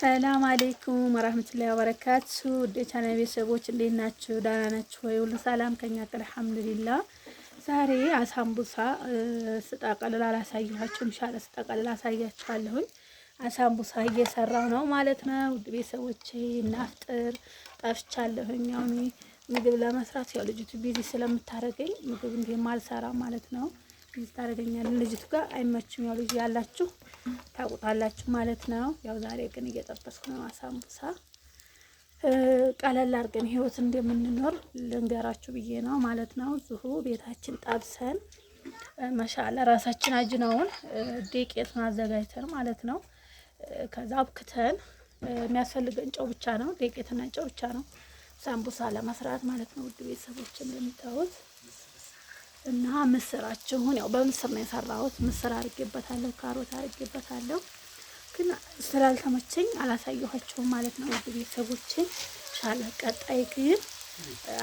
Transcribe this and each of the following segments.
ሰላም አሌይኩም ወራህመቱላሂ ወበረካቱ ውድ የቻናል ቤተሰቦች እንዴት ናችሁ? ደህና ናችሁ ወይ? ሁሉ ሰላም ከኛ ጋር አልሐምዱሊላህ። ዛሬ አሳምቡሳ ስጠቀልል አላሳየኋችሁም። ኢንሻአላህ ስጠቀልል አሳያችኋለሁኝ። አሳምቡሳ እየሰራሁ ነው ማለት ነው። ውድ ቤተሰቦቼ እናፍጥር ጠፍቻለሁኝ። አሁን ምግብ ለመስራት ያው ልጅቱ ቢዚ ስለምታረገኝ ምግብ እንዲህ ማልሰራ ማለት ነው። ታረገኛለች ልጅቱ ጋር አይመችም። ያው ልጅ ያላችሁ ታውቁታላችሁ ማለት ነው። ያው ዛሬ ግን እየጠበስኩ ነው አሳምቡሳ። ቀለል አድርገን ህይወት እንደምንኖር ልንገራችሁ ብዬ ነው ማለት ነው። ዙሁ ቤታችን ጣብሰን መሻለ ራሳችን አጅነውን ዱቄቱን አዘጋጅተን ማለት ነው። ከዛ አብክተን የሚያስፈልገን ጨው ብቻ ነው፣ ዴቄትና ጨው ብቻ ነው ሳምቡሳ ለመስራት ማለት ነው። ውድ ቤተሰቦችን እንደምታዩት እና ምስራችሁን ያው በምስር ነው የሰራሁት። ምስር አድርጌበታለሁ፣ ካሮት አድርጌበታለሁ። ግን ስላልተመቸኝ አላሳየኋችሁም ማለት ነው ቤተሰቦቼ። ሻለ ቀጣይ ግን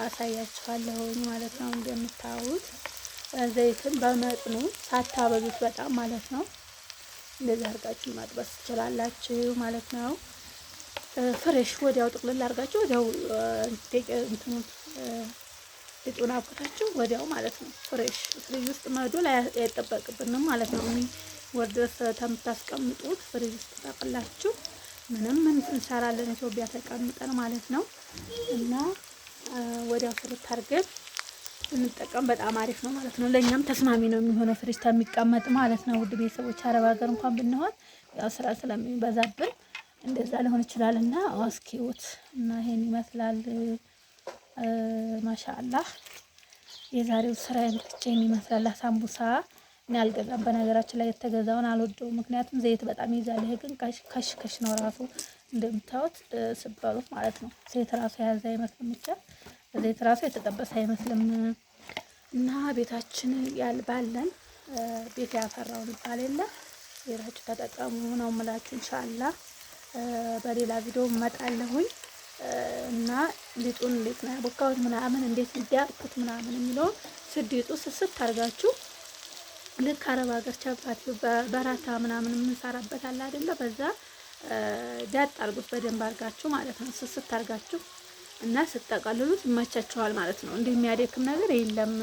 አሳያችኋለሁኝ ማለት ነው። እንደምታዩት ዘይትን በመጥኑ ሳታበዙት በጣም ማለት ነው እንደዚህ አርጋችሁ ማጥበስ ትችላላችሁ ማለት ነው። ፍሬሽ ወዲያው ጥቅልል አድርጋችሁ ወዲያው እንትኑን ሊጡን አቡካታችሁ ወዲያው ማለት ነው። ፍሬሽ ፍሪጅ ውስጥ መዶል አይጠበቅብንም ማለት ነው። ወርደ ተምታስቀምጡት ፍሪጅ ውስጥ ጠቅላችሁ ምንም እንሰራለን ኢትዮጵያ ተቀምጠን ማለት ነው። እና ወዲያው ፍርት አድርገን እንጠቀም በጣም አሪፍ ነው ማለት ነው። ለእኛም ተስማሚ ነው የሚሆነው ፍሪጅ ተሚቀመጥ ማለት ነው። ውድ ቤተሰቦች አረብ ሀገር እንኳን ብንሆን ያው ስራ ስለሚበዛብን እንደዛ ሊሆን ይችላል። እና አስኪውት እና ይሄን ይመስላል። ማሻአላህ የዛሬው ስራ ብቻ የሚመስላል። ሳምቡሳ እኔ አልገዛም። በነገራችን ላይ የተገዛውን አልወደውም፣ ምክንያቱም ዘይት በጣም ይዛል። ይሄ ግን ከሽ ከሽ ነው ራሱ እንደምታዩት ስበሉት ማለት ነው። ዘይት ራሱ የያዘ አይመስልም፣ ብቻ ዘይት ራሱ የተጠበሰ አይመስልም። እና ቤታችን ባለን ቤት ያፈራው ይባል የለ ሌላችሁ ተጠቀሙ ነው ምላችሁ። እንሻላ በሌላ ቪዲዮ እመጣለሁኝ። እና ሊጡን እንዴት ነው ያቦካሁት ምናምን እንዴት ሊያርኩት ምናምን የሚለውን ስዲጡ ስስት አድርጋችሁ ልክ አረብ ሀገር ቻባት በራታ ምናምን የምንሰራበት አለ አይደለ? በዛ ዳጥ አድርጉት በደንብ አድርጋችሁ ማለት ነው። ስስት አድርጋችሁ እና ስጠቀልሉት ይመቻችኋል ማለት ነው። እንዲህ የሚያደክም ነገር የለም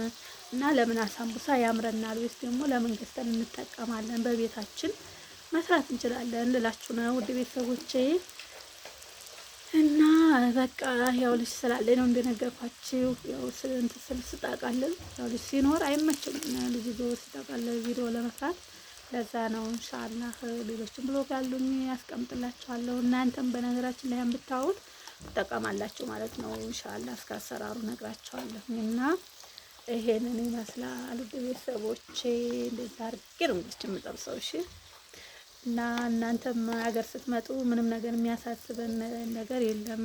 እና ለምን አሳምቡሳ ያምረናል ወይስ ደግሞ ለምን ገዝተን እንጠቀማለን? በቤታችን መስራት እንችላለን ልላችሁ ነው ውድ ቤተሰቦቼ እና በቃ ያው ልጅ ስላለ ነው እንደነገርኳችሁ። ያው ስንት ስል ስጣቃለን ያው ልጅ ሲኖር አይመችም ልጅ ዞ ስጣቃለ ቪዲዮ ለመስራት ለዛ ነው። ኢንሻአላህ ሌሎችን ብሎግ ያሉኝ ያስቀምጥላችኋለሁ። እናንተም በነገራችን ላይ ብታዩት ትጠቀማላችሁ ማለት ነው። ኢንሻአላህ እስከ አሰራሩ ነግራችኋለሁ እና ይሄንን ይመስላል ቤተሰቦቼ። እንደዛ አድርጌ ነው ልጅ የምጠብሰው። እሺ እና እናንተም ሀገር ስትመጡ ምንም ነገር የሚያሳስበን ነገር የለም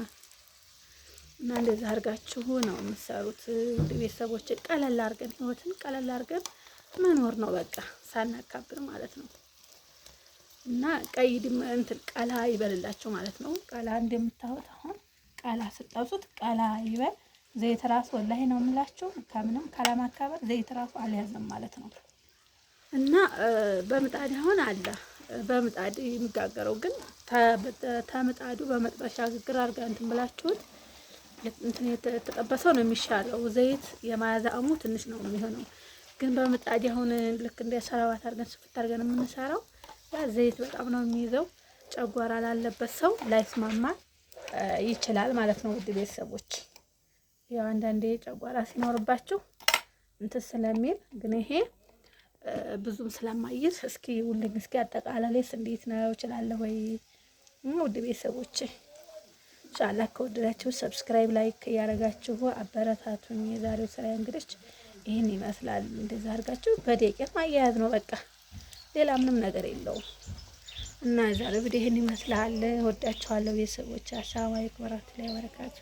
እና እንደዚህ አድርጋችሁ ነው የምትሰሩት። ውድ ቤተሰቦችን ቀለል አድርገን ህይወትን ቀለል አድርገን መኖር ነው በቃ ሳናካብር ማለት ነው። እና ቀይ ድም እንትን ቀላ ይበልላችሁ ማለት ነው። ቀላ እንደምታወት አሁን ቀላ ስጠብሱት ቀላ ይበል ዘይት ራሱ ወላሂ ነው የምላችሁ። ከምንም ካላማካበር ዘይት ራሱ አልያዝም ማለት ነው እና በምጣድ አሁን አለ በምጣድ የሚጋገረው ግን ተምጣዱ በመጥበሻ ግግር አድርጋ እንትን ብላችሁት እንትን የተጠበሰው ነው የሚሻለው። ዘይት የማያዛሙ ትንሽ ነው የሚሆነው። ግን በምጣድ አሁን ልክ እንደ ሰላባት አድርገን ስፍት አድርገን የምንሰራው ያ ዘይት በጣም ነው የሚይዘው። ጨጓራ ላለበት ሰው ላይስማማ ይችላል ማለት ነው። ውድ ቤተሰቦች ያው አንዳንዴ ጨጓራ ሲኖርባችሁ እንትን ስለሚል ግን ይሄ ብዙም ስለማይዝ እስኪ ውልኝ እስኪ አጠቃላላይስ እንዴት ነው እችላለሁ ወይ? ውድ ቤተሰቦቼ ሻላ ከወደዳችሁ ሰብስክራይብ ላይክ እያደረጋችሁ አበረታቱኝ። የዛሬው ስራ እንግዲህ ይህን ይመስላል። እንደዛ አድርጋችሁ በደቂቃ ማያያዝ ነው በቃ ሌላ ምንም ነገር የለውም። እና የዛሬው ቪዲዮ ይህን ይመስላል። ወዳችኋለሁ ቤተሰቦች። አሰላሙ አለይኩም ወራህመቱላሂ ወበረካቱ